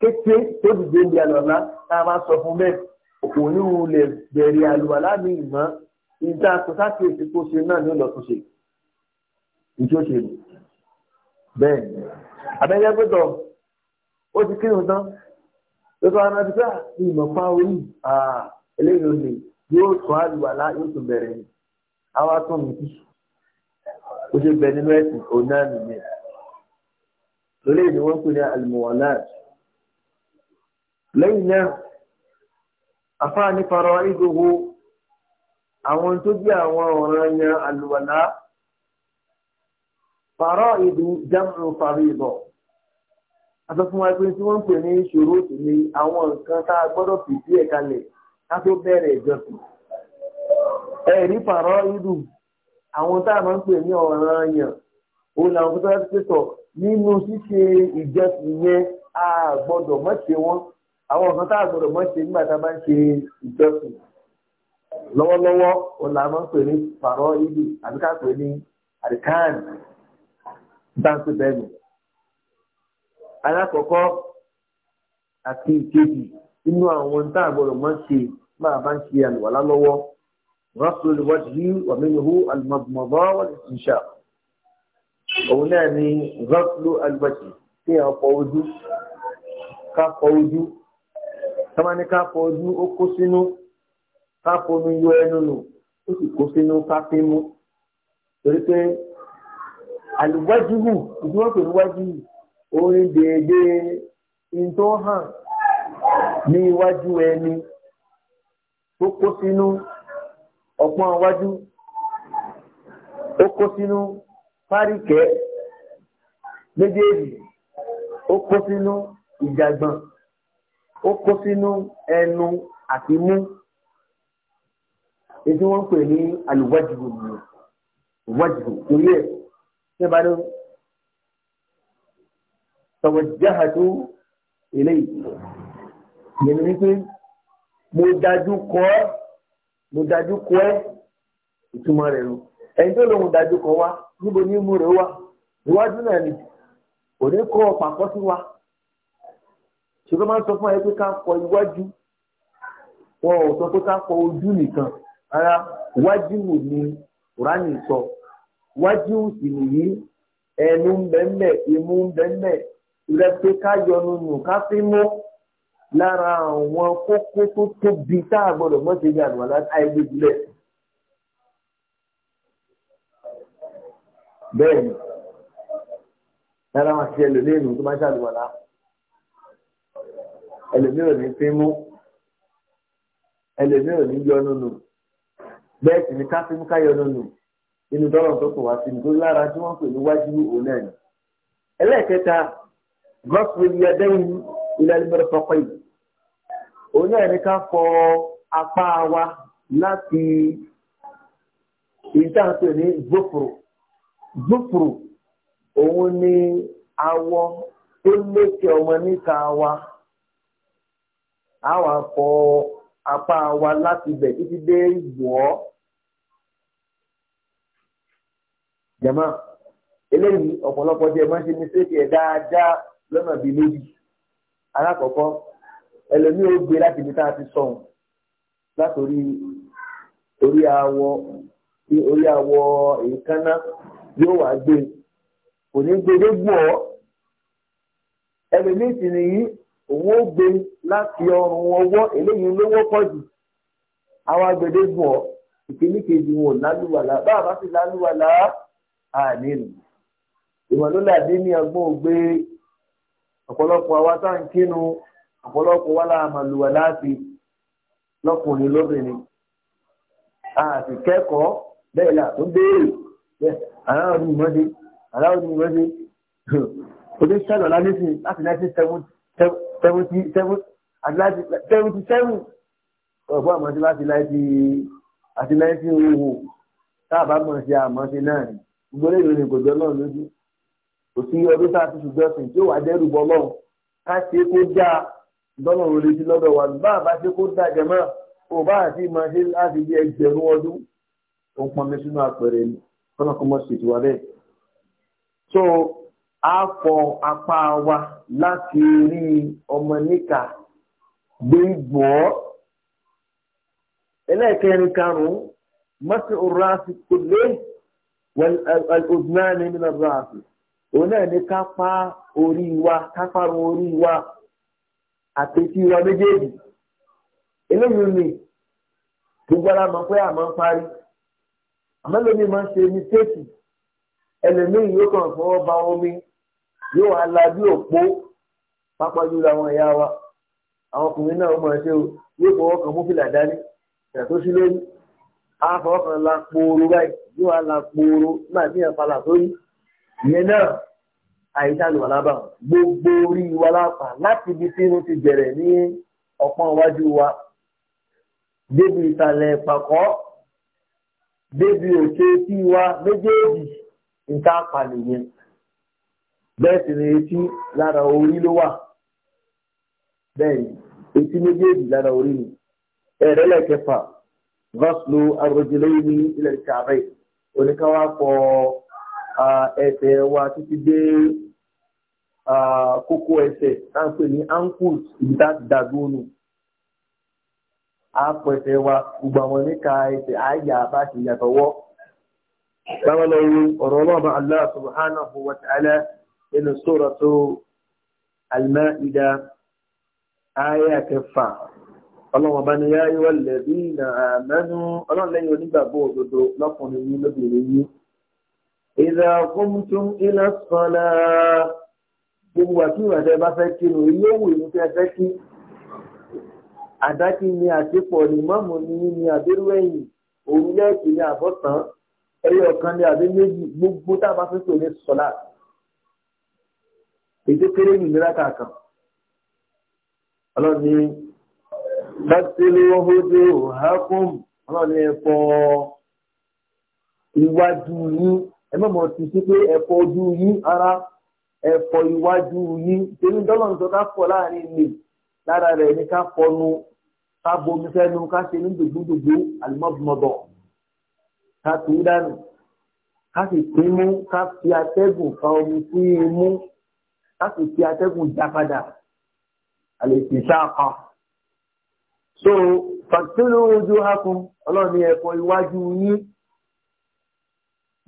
kété tó dìde ìdí àlọ́lá tá a máa sọ fún bẹ́ẹ̀ òun ní òun lè bẹ̀rẹ̀ àlùwàlá mi ìmọ̀ ìdá kòsákèsí tó ṣe náà ní ìlọ́túnṣe ìjọ ṣe bẹ́ẹ̀ abẹ́yẹ́gbẹ́dọ̀ ó ti kírun tán lọ́sọ̀ àwọn àti sáà ní ìmọ̀pá orí eléyìí ló lè yóò tún àlùwàlá yóò tún bẹ̀rẹ̀ ni àwa tún mi kí o ṣe bẹ nínú ẹ̀sìn òun náà nìyẹn lórí ni wọ́n pè ní àlùmọ̀ọ́lá lẹ́yìn náà àfáà ní fara ìdòwò àwọn tó jẹ́ àwọn ọ̀ràn yẹn àlùwàlá fara ìdù jámù fara ìbọ̀ a sọ fún wa pé tí wọ́n ń pè ní ìṣòro òsì ni àwọn nǹkan tá a gbọ́dọ̀ fi sí ẹ̀ka lẹ̀ ká tó bẹ̀rẹ̀ ìjọsìn. ẹ̀rí pàrọ̀ ìlú àwọn tá a máa ń pè ní ọ̀ràn yàn òun làwọn tó tẹ́lẹ̀ pé sọ nínú ṣíṣe ìjọsìn yẹn a gbọ́dọ̀ mọ̀ ṣe wọ́n àwọn nǹkan tá a gbọ́dọ̀ mọ̀ ṣe nígbà tá a bá ń ṣe ìjọsìn lọ́wọ́lọ́wọ́ òun làwọn máa ń pè ní pàrọ̀ ìlú àbíká pè ní àdìkáàdì alákọ̀ọ́kọ́ àti ìkejì nínú àwọn tá a gbọ́dọ̀ máa ṣe máa bá ń ṣe àlùwàlá lọ́wọ́ rọ́pùlù wọ́jì wà nínú àlùmọ̀bọ̀ wọ́n ti ṣà òun náà ni rọ́pùlù àlùbọ̀jì tí a fọ ojú ká fọ ojú tọ́mání ká fọ ojú ó kó sínú ká fomi yọ ẹnu nù ó sì kó sínú ká fi mú torí pé àlùwájú hù ìdíwọ́n pè wájú yìí orí dèédé in tó hàn ní iwájú ẹni tó kó sínú ọ̀pọ̀n iwájú ó kó sínú páríkẹ́ méjèèjì ó kó sínú ìjàgbọ̀n ó kó sínú ẹnu àti mú èyí wọ́n pè ní alùwájú ìwájú torí ẹ̀ ṣé tọwọ́jáhàtú ilé ìtò lèmi wípé mo dájú kọ ẹ́ mo ìtumọ̀ rẹ̀ rò ẹni tó lóun dájú kọ wá níbo ní mú rẹ̀ wá iwájú náà ni òní kọ́ pàkọ́ sí wa ṣùgbọ́n máa fún ẹ pé ká kọ iwájú wọn ò sọ kọ ojú nìkan ara wájú wò rani sọ wájú sì nìyí ẹnu ń imú rẹpẹ káyọnu nù ká fi mú lára àwọn kókó tó tóbi tá a gbọ́dọ̀ mọ ṣe ní àlùwàlá àìgbèjìlẹ. bẹ́ẹ̀ni lára wọn àti ẹlòmíràn nù tó máa ṣàlùwàlá ẹlòmíràn ní fi mú ẹlòmíràn ní yọnu nù bẹ́ẹ̀ sì ni ká fi mú káyọnu nù inú dọ́là tó kọ̀ wá sí ní tó lára tí wọ́n pè ní wájú òun náà ni. ẹlẹ́ẹ̀kẹta gọ́sùn ìyẹ́dẹ́yìn ilẹ̀ ìbẹ̀rẹ̀ sọ̀kọ̀ yìí òun náà ní ká fọ apá wa láti ìdáhùn pé ní gbófòrò gbófòrò òun ni awọ tó lékè ọmọ níka wa a wà fọ apá wa láti bẹ̀ títí dé ìwọ́ jẹ̀mọ́ eléyìí ọ̀pọ̀lọpọ̀ jẹ́ máa ń ṣe ní sèkè dáadáa lọ́nà bíi méjì alákọ̀ọ́kọ́ ẹlòmíì ó gbé láti ibi tá a ti sọ̀hún látòrí orí awọ orí awọ èékánná yóò wá gbé kò ní gbé dégbò ọ ẹlòmíì sì nìyí òun ó gbé láti ọrùn ọwọ́ eléyìí ló wọ́pọ̀ jù àwọn agbẹ̀dẹ́gbò ọ ìkíní kejì wọn ò lálùwàlá bá bá sì lálùwàlá àní nù ìmọ̀lólà dín ní ọgbọ́n ògbé ọ̀pọ̀lọpọ̀ àwa tá à ń kínu ọ̀pọ̀lọpọ̀ wa láàmà lùwà láti lọ́kùnrin lóbìnrin a sì kẹ́kọ̀ọ́ bẹ́ẹ̀ là tó béèrè bẹ́ẹ̀ aláwọ̀ ní ìmọ̀dé aláwọ̀ ní ìmọ̀dé oníṣẹ́lọ̀ lálẹ́sìn láti nineteen seventy àti láti seventy seven ọ̀gbọ́n àmọ́ sí láti láti àti láti owó a bá mọ̀ sí àmọ́ ni kò jọ kò sí ọdún tá a ti ṣùgbọ́n sìn tí ó wà dẹ́rù bọ́ lọ́hùn ká ṣe kó dáa lọ́nà òrèlè ti lọ́dọ̀ wa bá a bá ṣe kó dáa jẹ mọ́ ò bá àti máa ṣe láti bí ẹgbẹ̀rún ọdún ó pọn mi sínú àpẹẹrẹ ni kọ́nà kọ́ ṣètò wa bẹ́ẹ̀. so a fọ apá wa láti rí ọmọ níkà gbé gbọ́ ẹlẹ́ẹ̀kẹrin karùn-ún mọ́sí òrùn àti kò lé wal udnani min ar-ra'si. òun náà ni ká pa orí wa ká parun orí wa àtẹ̀tí wa méjèèjì eléyìí ni gbogbo ara mọ̀ pé àmọ́ ń parí àmọ́ lómi máa ń ṣe ní téèkì ẹlòmíì yóò kàn fọwọ́ ba omi yóò wá la bí òpó pápá àwọn ẹ̀yà wa àwọn ọkùnrin náà ṣe o yóò fọwọ́ kan mú fìlà dání ìgbà tó sí lórí la pooro báyìí yóò wá la náà ní ẹ̀fà ìyẹn náà àìsàlù alábà gbogbo orí wa lápá láti ibi tí irun ti bẹ̀rẹ̀ ní ọ̀pọ̀n iwájú wa débi ìsàlẹ̀ ìpàkọ́ débi òkè tí wa méjèèjì níta pàlè yẹn bẹ́ẹ̀ sì ni etí lára orí ló wà bẹ́ẹ̀ ni etí méjèèjì lára orí ni ẹ̀rẹ́lẹ̀ kẹfà gọ́sùlù arojìlẹ́yìn ní ilẹ̀ ìkàwé oníkàwá pọ̀ ọ́ ẹsẹ̀ wa títí dé kókó ẹsẹ̀ tá ń pè ní ankles ibi tá ti dàgbò nù àpẹẹsẹ̀ wa gbogbo àwọn níka ẹsẹ̀ àyà bá ti yàtọ̀wọ́ báwọn lọ rí ọ̀rọ̀ ọlọ́ọ̀bá Allah subhanahu wa ta'ala nínú suratu al-Ma'ida àyà kẹfà lẹ́bí ìnà àmẹ́nu ọlọ́run lẹ́yìn onígbàgbọ́ òdodo lọ́kùnrin yìí lóbìnrin yìí ìdá kúmtún ilá sọ́lá gbogbo àti ìwàdẹ́ bá fẹ́ kírun ilé òwò ìlú tẹ́ fẹ́ kí àdákì ni àtipọ̀ ní mọ́mù ní ní abẹ́rú ẹ̀yìn òun lẹ́ẹ̀kì ní àbọ̀tán ẹyọ kan ní abẹ́ méjì gbogbo tá a bá fẹ́ sọ̀rọ̀ sọ́lá ètò kéré ní ìlera kàkan ọlọ́ni bàtìlú ọ̀hódé òhákùn ọlọ́ni ẹ̀fọ́ iwájú yín ẹ mọ̀mọ́ ti sí pé ẹ̀fọ́ ojú yín ara ẹ̀fọ́ iwájú yín tèmi dọ́lọ̀ ń sọ ká fọ láàrin ilé lára rẹ̀ ní ká fọnu ká bomi sẹ́nu ká ṣe ní dùgbùdùgbù àlùmọ́bùmọ́bọ̀ ká tù ú dànù ká sì pín mú ká fi atẹ́gùn fa omi sí imú ká sì fi atẹ́gùn já padà àlè sì so fàtúlù ojú hakùn ọlọ́run ní ẹ̀fọ́ iwájú yín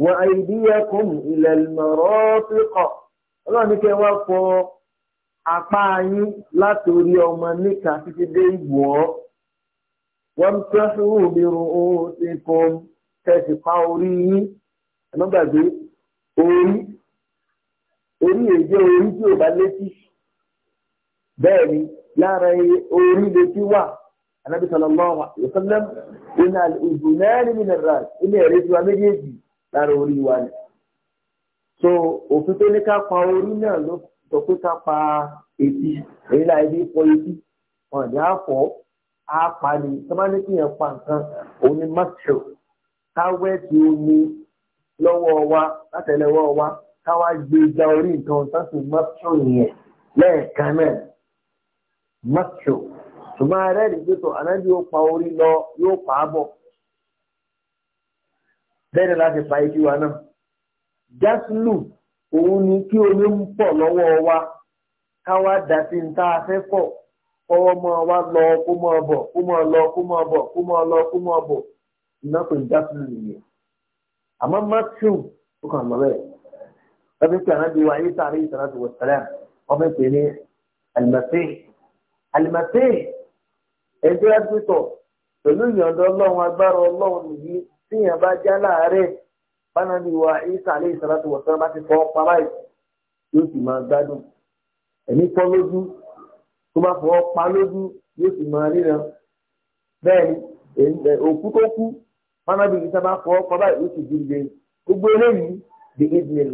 wa aydiyakum ila al-marafiq ọlọ́run ní kẹ́ wá fọ apá yín látòrí ọmọ níka títí dé ìgbò ọ́ wọ́n tẹ́sí òbírun ohun ti kún tẹ̀sí pa orí yín ẹ̀mọ́ gbàgbé orí orí èjé orí tí ò bá létí bẹ́ẹ̀ ni lára orí létí wà anábìsọ̀lọ́mọ́ wa ìfọ́nlẹ́m ìnà ìdùnnẹ́rì mi ilé ẹ̀rẹ́ tiwa méjèèjì lára orí wa ni. so òfin tó ní ká pa orí náà ló sọ pé ká pa etí èyí láì ní fọ etí wọn ní àfọ àpá ni sọmánì kì yẹn pa nǹkan òun ni mọ́tò káwẹ́ẹ̀tì omi lọ́wọ́ wa látẹ̀lẹ́wọ́ wa káwá gbé igba orí nǹkan tó sì mọ́tò yẹn lẹ́ẹ̀kan náà mọ́tò ṣùgbọ́n arẹ́rìí pé tó ànájú yóò pa orí lọ yóò pa á bọ̀ bẹ́ẹ̀ láti fa ibi wa náà jásùlù òun ni kí omi ń pọ̀ lọ́wọ́ wa káwá dá sí ní tá a fẹ́ pọ̀ kọ́wọ́ mọ́ wa lọ kó mọ́ bọ̀ kó mọ́ lọ kó mọ́ bọ̀ kó mọ́ lọ kó mọ́ bọ̀ iná pè jásùlù nìyẹn àmọ́ matthew ó kàn lọ bẹ́ẹ̀ wọ́n fi pè ànábi wa ayé sáré ìsàlá tó wọ̀ sẹ́lẹ̀ pè ní alimase alimase ẹgbẹ́ àdúgbò pẹ̀lú ìyọ̀ǹda ọlọ́run agbára ọlọ́run nìyí tíyàn bá já láàárẹ̀ bánàbí wa isa aleyhi salatu wa sallam bá ti fọ́ pamá yìí yóò sì máa gbádùn ẹ̀mí pọ́ lójú tó bá fọ́ pa lójú yóò sì máa ríran bẹ́ẹ̀ ni òkú tó kú bánàbí isa bá fọ́ pamá yìí yóò sì dìde gbogbo eléyìí bí ìdílé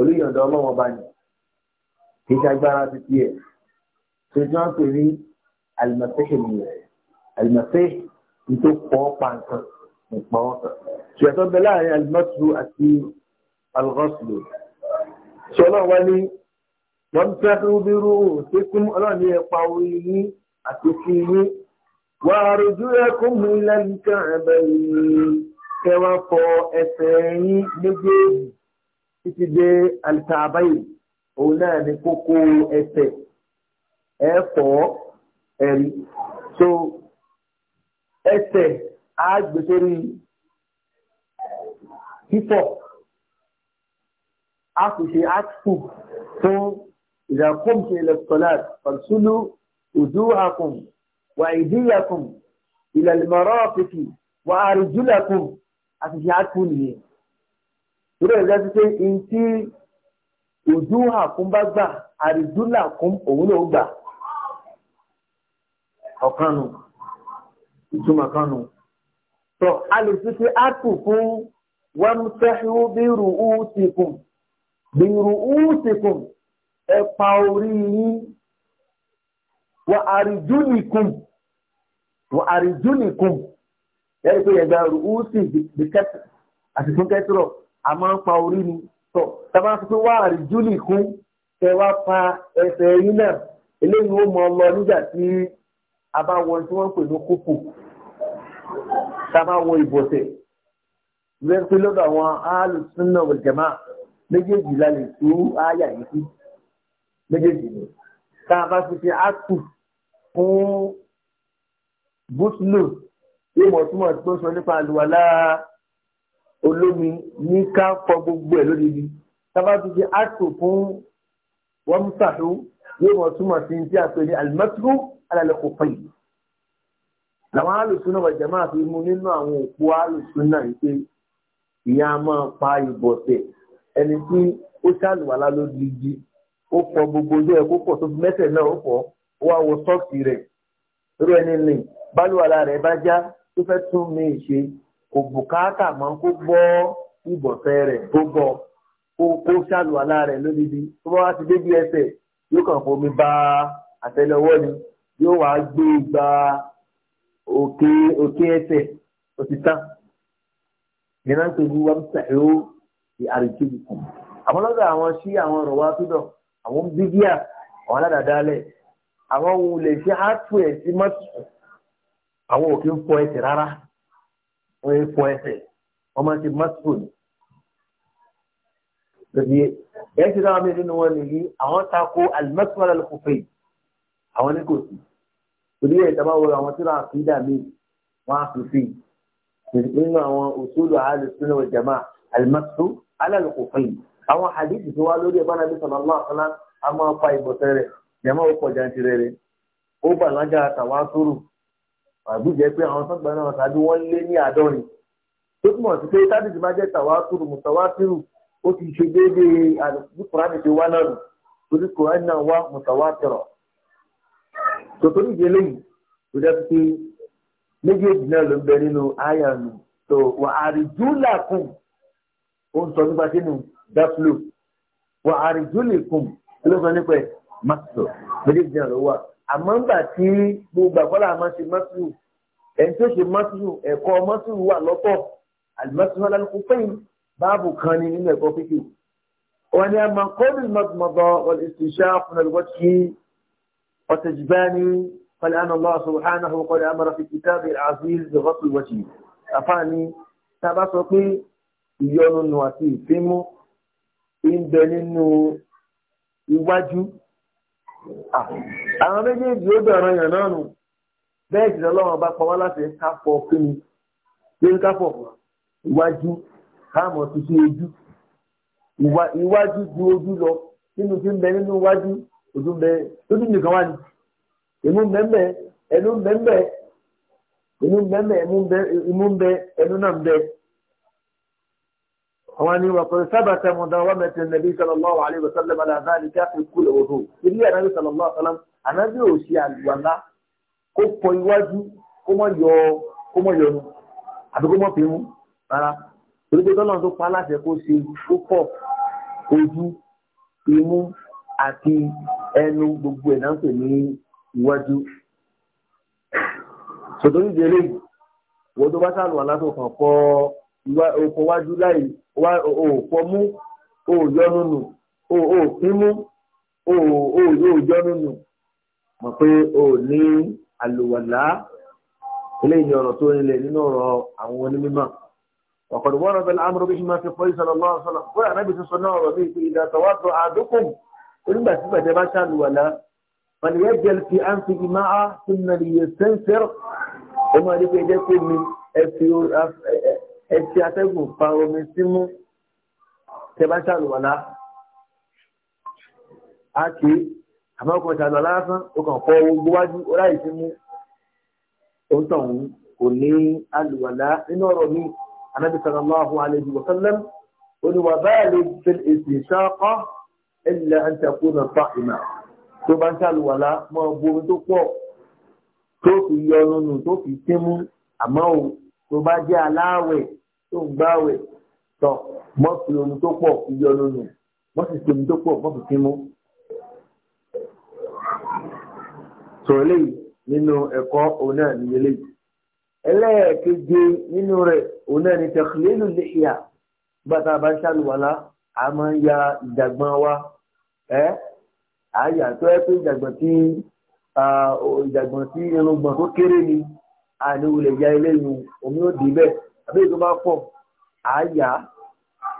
olùyọ̀ǹda ọlọ́wọ́n bá ní kì í ṣe agbára títí ẹ̀ tó tí wọ́n pè ní alimọ̀tẹ́ṣẹ̀ nìyẹn alimọ̀tẹ́ṣẹ̀ ní tó pọ̀ pa ìpọ́n ṣùgbọ́n bẹ láàrin alimọ́tò àti alghoslo ṣe ọlọ́run wá ní wọ́n fẹ́ bí rú òṣèkún ọlọ́run ní ẹ̀pa orí yín àti fi yín wà á rojú ẹkún mú lẹ́yìnká ẹ̀bẹ̀ yìí kẹ́ wá fọ ẹsẹ̀ yín méjèèjì títí dé alitabayi òun náà ní kókó ẹsẹ̀ ẹ̀ fọ́ ẹ̀rí so ẹsẹ̀ á gbé sórí fífọ̀ eh, a kò ṣe áàtù fún ìdàkùn ṣe electoral farsulu wujuhakum wa aydiyakum ila al-marafiqi wa arjulakum àti ṣe áàtù nìyẹn torí ẹ̀dá ti pé n tí ojú bá gbà àrídúlà òun ló gbà ọ̀kan nù tọ a lè fi ṣe áàtù fún wọn tẹ́síwó bí rùú ti kùn bí rùú ti kùn ẹ pa orí yín wà àrídúnìkùn wà àrídúnìkùn yẹ́n pé ẹ̀gbà rùú ti bìkẹ́tì a máa ń pa orí ni tọ tàbá fi pé wà àrídúnìkùn kẹ wá pa ẹsẹ̀ yín náà eléyìí ó mọ ọ lọ nígbà tí a bá wọ tí wọ́n pè ní kókò. Kama máa wọ ìbọ̀sẹ̀ lẹ́yìn pé lọ́dọ̀ àwọn alùsùnà wọ̀lùjẹ̀má méjèèjì la lè tú àyà yìí sí méjèèjì ni tá a bá fi ṣe àtù fún bùsùlù ìmọ̀ túmọ̀ tó sọ nípa àlùwàlá olómi ní ká fọ gbogbo ẹ̀ lódìdí tá a bá fi ṣe àtù fún wọ́n mú sàṣó ìmọ̀ túmọ̀ sí ti àpè ní alimẹ́tìrú alálẹ́kọ̀ọ́ fẹ́yìí làwọn alùsùnà wà jàmáà fi mú nínú àwọn òpó alùsùnà yìí pé ìyá máa pa ìbọ̀tẹ̀ ẹni tí ó ṣàlùwàlá ló di igi ó fọ gbogbo ojú ẹ̀ kó pọ̀ tó fi mẹ́sẹ̀ náà ó fọ ó wá wọ sọ́ọ̀kì rẹ̀ irú ẹni lè bálùwàlá rẹ̀ bá já tó fẹ́ tún mi ṣe kò bùkátà mọ́ kó bọ́ ìbọ̀tẹ̀ rẹ̀ tó bọ̀ kó ṣàlùwàlá rẹ̀ lódìdí tó bá wá ti débi ẹsẹ̀ yóò kàn fomi bá àtẹlẹwọ́ ni yóò wá gbé gbàá òkè òkè ẹsẹ̀ òtítà nínú pé ní wọ́n sàrò àrùjọ ìkùn àwọn lọ́dọ̀ àwọn sí àwọn ọ̀rọ̀ wa tó dọ̀ àwọn bíbíà àwọn aládàádálẹ̀ àwọn ohun lè ṣe àtú ẹ̀ sí mọ́tò àwọn òkè ń fọ ẹsẹ̀ rárá wọ́n ń fọ ẹsẹ̀ wọ́n máa ń ṣe mọ́tò ni lóbi ẹ̀ ṣe dáhùn mi nínú wọn nìyí àwọn tako alimẹ́tò alákòófẹ́ àwọn ní kò sí torí ẹ̀ tá a bá wọ àwọn tí wọ́n fi dà mí wọ́n á fi fi nínú àwọn òṣèlú àhálẹ̀ sínú ìjàmá àlùmọ́tò alálùkòfin àwọn àdìsí tó wá lórí ẹ̀bá nàbí sọ̀rọ̀ lọ́wọ́ àfọlá a máa fa ìbọ̀sẹ̀ rẹ̀ jàmá ó kọjá ti rẹ̀ rẹ̀ ó bà lájà àtàwọn asóró àbújẹ́ pé àwọn sọ́gbà náà tàbí wọ́n lé ní àádọ́rin tó túmọ̀ sí pé tábìlì máa jẹ́ tàwátúrù mùtàwátúrù ó ti ṣe déédéé àdìsí kùránì ti wá náà nù torí kùránì náà wá mùtàwátìrọ̀ tòtòrí ìdílé yìí tó jẹ́ pé méjèèjì náà ló ń bẹ nínú àyà nù tó wà àrídúlà kùn ó ń sọ nípa sínú dáflù wà àrídúlì kùn ló sọ nípa ẹ̀ mọ́tò méjèèjì náà ló wà àmọ́ ńgbà tí gbogbo àkọ́lá àmọ́ ṣe mọ́tò ẹni tó ṣe mọ́tò ẹ̀kọ́ mọ́tò wà lọ́tọ̀ àlùmọ́tò wọn fẹ́yìn báàbù kan ni nínú ẹ̀kọ́ fífi wọn ni a kọ́ وتجباني فالآن الله سبحانه قد أمر في كتابه العزيز بغطي الوجه أفاني تبصقي يون نواتي فيمو إن بلنو iwájú àwọn méjèèjì ó bẹ̀rẹ̀ yàn náà nù bẹ́ẹ̀ jùlọ lọ́wọ́ bá pa wá láti káfọ́ fún mi lórí káfọ́ iwájú káàmọ̀ tuntun ojú iwájú ju ojú lọ nínú tí ń bẹ nínú iwájú ojú ń bẹ lójú nìkan wá ní ìmú bẹ́ẹ̀ ẹnu bẹ́ẹ̀ ìmú bẹ́ẹ̀ ìmú bẹ́ẹ̀ ẹnu náà bẹ́ẹ̀. àwọn ni wà pẹ̀lú sábà tẹ mọ̀dá wà mẹ́tẹ̀ nàbí sallallahu alayhi wa sallam aláàbáàlì ká fi kú lòwòrò ilé ànábì sallallahu alayhi wa sallam ò ṣe àlùwàlá kó pọ iwájú kó mọ̀ yọ kó mọ̀ yọnu àbí kó mọ̀ fi rárá torí pé tó pa aláṣẹ kó ṣe kó pọ̀ ojú imú àti ẹnu gbogbo ẹ̀ náà ń pè ní iwájú. sòtòrí ìdílé wo tó bá sàlù aláṣọ kan kọ òkò wájú láì òkò mú òòyọ́nù nù òòpín mú òòyọ́nù nù mọ̀ pé o ní àlùwàlá eléyìí ọ̀rọ̀ tó nílẹ̀ nínú ọ̀rọ̀ àwọn onímọ̀ ọ̀kọ̀dùwọ́n rẹ̀ bẹ̀rẹ̀ amúrò máa fi fọ́ ìṣẹ̀lẹ̀ lọ́wọ́ sọ́nà bóyá anábì sísọ náà ọ̀rọ̀ bíi ìdàtọ̀wọ́tọ̀ àdókòwò onígbà tí gbàtẹ́ bá ṣàlùwàlá fàlìyẹ́ jẹ́ fi à ń fi ìmá á sí nàìjíríà sẹ́ńsẹ́rọ̀ ẹ máa rí pé ẹ jẹ́ pé mi ẹ fi atẹ́gùn pa omi símú tẹ́ bá ṣàlùwàlá á kì í àmọ́ ọkùnrin ṣàlùwàlá lásán ó kàn fọ gbogbo wájú ọláyìí símú òun tàn òun kò ní àlùwàlá nínú ọ̀rọ̀ mi anábìsàn aláhùn àlejò wọ́sálẹ́m oníwàbáyà lè fi èsì ìṣàkọ́ ẹ̀lẹ́ àǹtakó náà fa ìmà tó bá ń ṣàlùwàlá máa bu omi tó pọ̀ tó fi yọ nínú tó fi símú àmọ́ o tó bá jẹ́ aláwẹ̀ tó ń gbáwẹ̀ tọ̀ mọ́ fi omi tó pọ̀ fi yọ nínú mọ́ sì fi omi tó pọ̀ mọ́ fi símú. sọ̀rọ̀ lẹ́yìn nínú ẹ̀kọ́ òun náà ní eléyìí. ẹlẹ́ẹ̀keje nínú rẹ̀ òun náà ní tẹ̀kílẹ́lù lẹ́yà bàtà bá ń ṣàlùwàlá a máa ń ya ìjàgbọ́n wa ẹ́ àyà tó ẹ́ pé ìjàgbọ́n tí ìjàgbọ́n tí irungbọ̀n tó kéré ni àní olè ya eléyìí omi ò dé bẹ́ẹ̀ àbẹ́yẹ tó bá pọ̀ àyà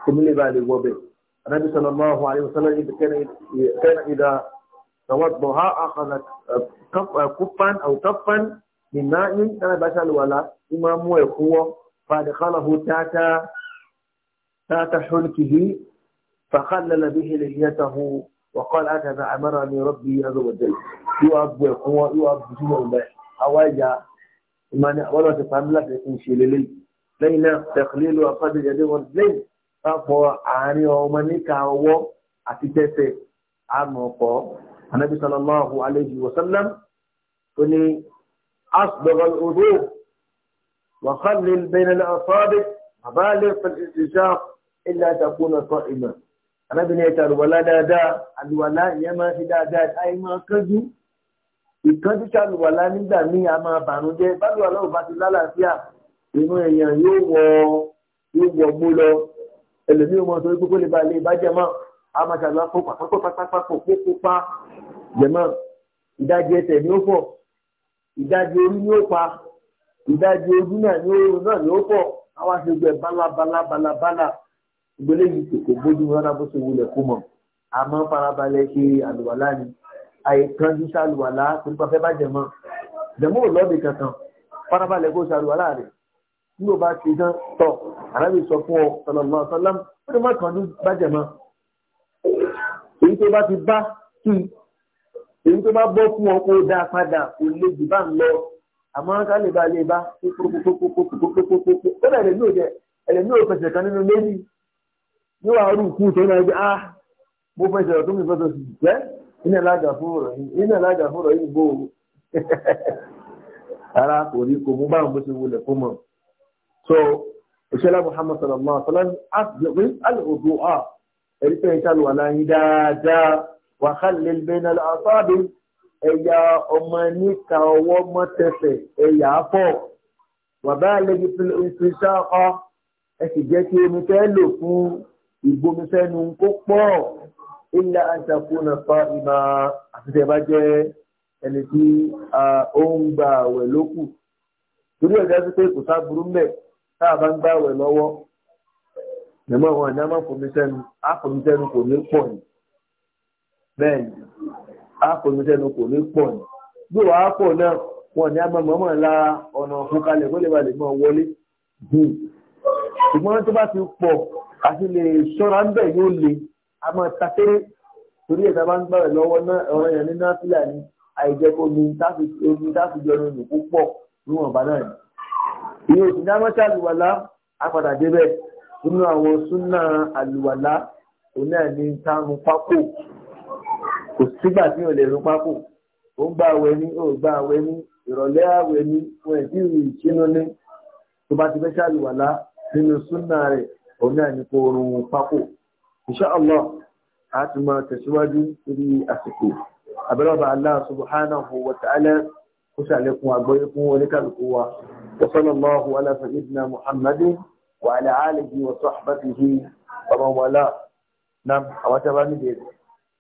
omi lè ba lè wọ bẹ́ẹ̀ anabi sallallahu alayhi wa sallam kẹ́nà ìdá tọwọ́tọ̀ ha àkànà kúfán àwọn kúfán nìmá ní sára bá ṣàlùwàlá ní máa mú ẹ̀kún wọ́ fàdíkàlà hó tààtà hólkìhì فخلل به لحيته وقال هكذا أمرني ربي عز وجل يؤب القوى يؤب جمع الله أواجع ولا تفهم لك ان تمشي لي لينا تقليل وقد يدي والليل فهو عاني ومنك هو اتيتي عنه النبي صلى الله عليه وسلم قل أصبغ الوضوء وخلل بين الأصابع وبالغ في الاستنشاق إلا تكون صائما arábìnrin ẹ̀ka àlùwàlá dáadáa àlùwàlá ìyẹn máa ṣe dáadáa àyè máa kánjú ìkánjú ṣe àlùwàlá nígbà míì a máa bànújẹ́ báluwà náà bá ti lálàáfíà inú èèyàn yóò wọ yóò wọ gbó lọ ẹlòmíì ọmọ tó gbogbo lè ba lè bàjẹ́ mọ́ a máa ṣàlùwà fún pàpàpọ̀ pàpàpọ̀ pópópá jẹ̀mọ́ ìdajì ẹsẹ̀ ni ó fọ̀ ìdajì orí ni ó pa ìdajì ojú náà ni ó náà ni ó fọ̀ àwa ṣe gbẹ bálá bálá bálá gbélé yìí kò kò bójú rárá bó ṣe wulẹ̀ kó mọ̀ àmọ́ farabalẹ̀ ṣe àlùwàlá ni àìkánjú ṣàlùwàlá tó ń pàfẹ́ bàjẹ́ mọ́ jẹ̀mọ́ ò lọ́ọ̀dẹ kankan farabalẹ̀ kó ṣàlùwàlá rẹ̀ tí o bá ṣe tán tọ̀ àrẹ́bí sọ fún ọ sọlọ́mọ sọlọ́m ó ní má kánjú bàjẹ́ mọ́ èyí tó bá ti bá kí èyí tó bá bọ́ fún ọ kó dáa padà kò lè jù bá ń lọ àmọ́ ká lè ba lè bá kókókókókókókókókókó ó lẹ̀ lè ní òjẹ ẹ̀lẹ́ ní òfẹsẹ̀ kan nínú méjì yóò wá rú kú tó náà gbé ah mo fẹ́ sọ̀rọ̀ tó mi fẹ́ sọ sí jẹ́ iná lága fún ọ̀rọ̀ yìí iná lága fún ọ̀rọ̀ yìí bò ó ara kò rí kò mú báwọn bó ṣe wọlé fún mọ́ so òṣèlú muhammad sallallahu alaihi wa sallam asbiqi al-wudu'a ẹ̀rí pé ẹ̀ka lù aláyín dáadáa wà á lè bẹ́ẹ̀ náà àtàbí ẹ̀yà ọmọ níka ọwọ́ mọ́tẹ̀fẹ̀ ẹ̀yà afọ́ wà bá lè fi ṣáà ọ ẹ̀ sì jẹ́ kí omi tẹ́ lò fún ìgbómisẹ́nu kó pọ̀ ilẹ̀ àṣàkóná fa ìmọ̀ àtúntẹ̀ bá jẹ́ ẹni tí ó ń gba àwẹ̀ lókù torí ẹ̀dá sí pé kò sá burú mẹ́ tá a bá ń gba àwẹ̀ lọ́wọ́ ìmọ̀ àwọn àdá máa fòmisẹ́nu àfòmisẹ́nu kò ní pọ̀ ní bẹ́ẹ̀ ni àfòmisẹ́nu kò ní pọ̀ ní bí wàá pọ̀ náà wọn ni a máa mọ̀ọ́mọ̀ la ọ̀nà òkú kalẹ̀ kó lè ba lè máa wọlé hmm. ṣùgbọ́n tó bá ti pọ̀ àti lè ṣọ́ra ń bẹ̀ yóò le a máa ta kéré torí ẹ̀ta bá ń gbà rẹ̀ lọ́wọ́ náà ọ̀rọ̀ yẹn ní náfìlà ni àìjẹ́ kó omi táfi jọrọ ìlú púpọ̀ níwọ̀nba náà ni. ìyẹn òsì dá mọ́tà àlùwàlá apàdà débẹ̀ nínú àwọn súnà àlùwàlá òun náà ní tánu pákó kò sígbà tí ò lè rún pákó ó ń gbà àwẹ̀ ní ó gbà àwẹ̀ ní ìrọ̀lẹ́ àwẹ̀ ní wọn ẹ̀ tí ì ní tó bá ti fẹ́ ṣàlùwàlá nínú súnà rẹ̀ òun náà ni kó run pákó insha Allah a ti máa tẹ̀síwájú lórí àsìkò abẹ́rọ̀bà Allah subhanahu wa ta'ala kó ṣàlékún àgbọ́yé fún oníkàlùkù wa wa sallallahu ala sayyidina muhammadin wa ala alihi wa sahbihi wa man nam àwọn tí a bá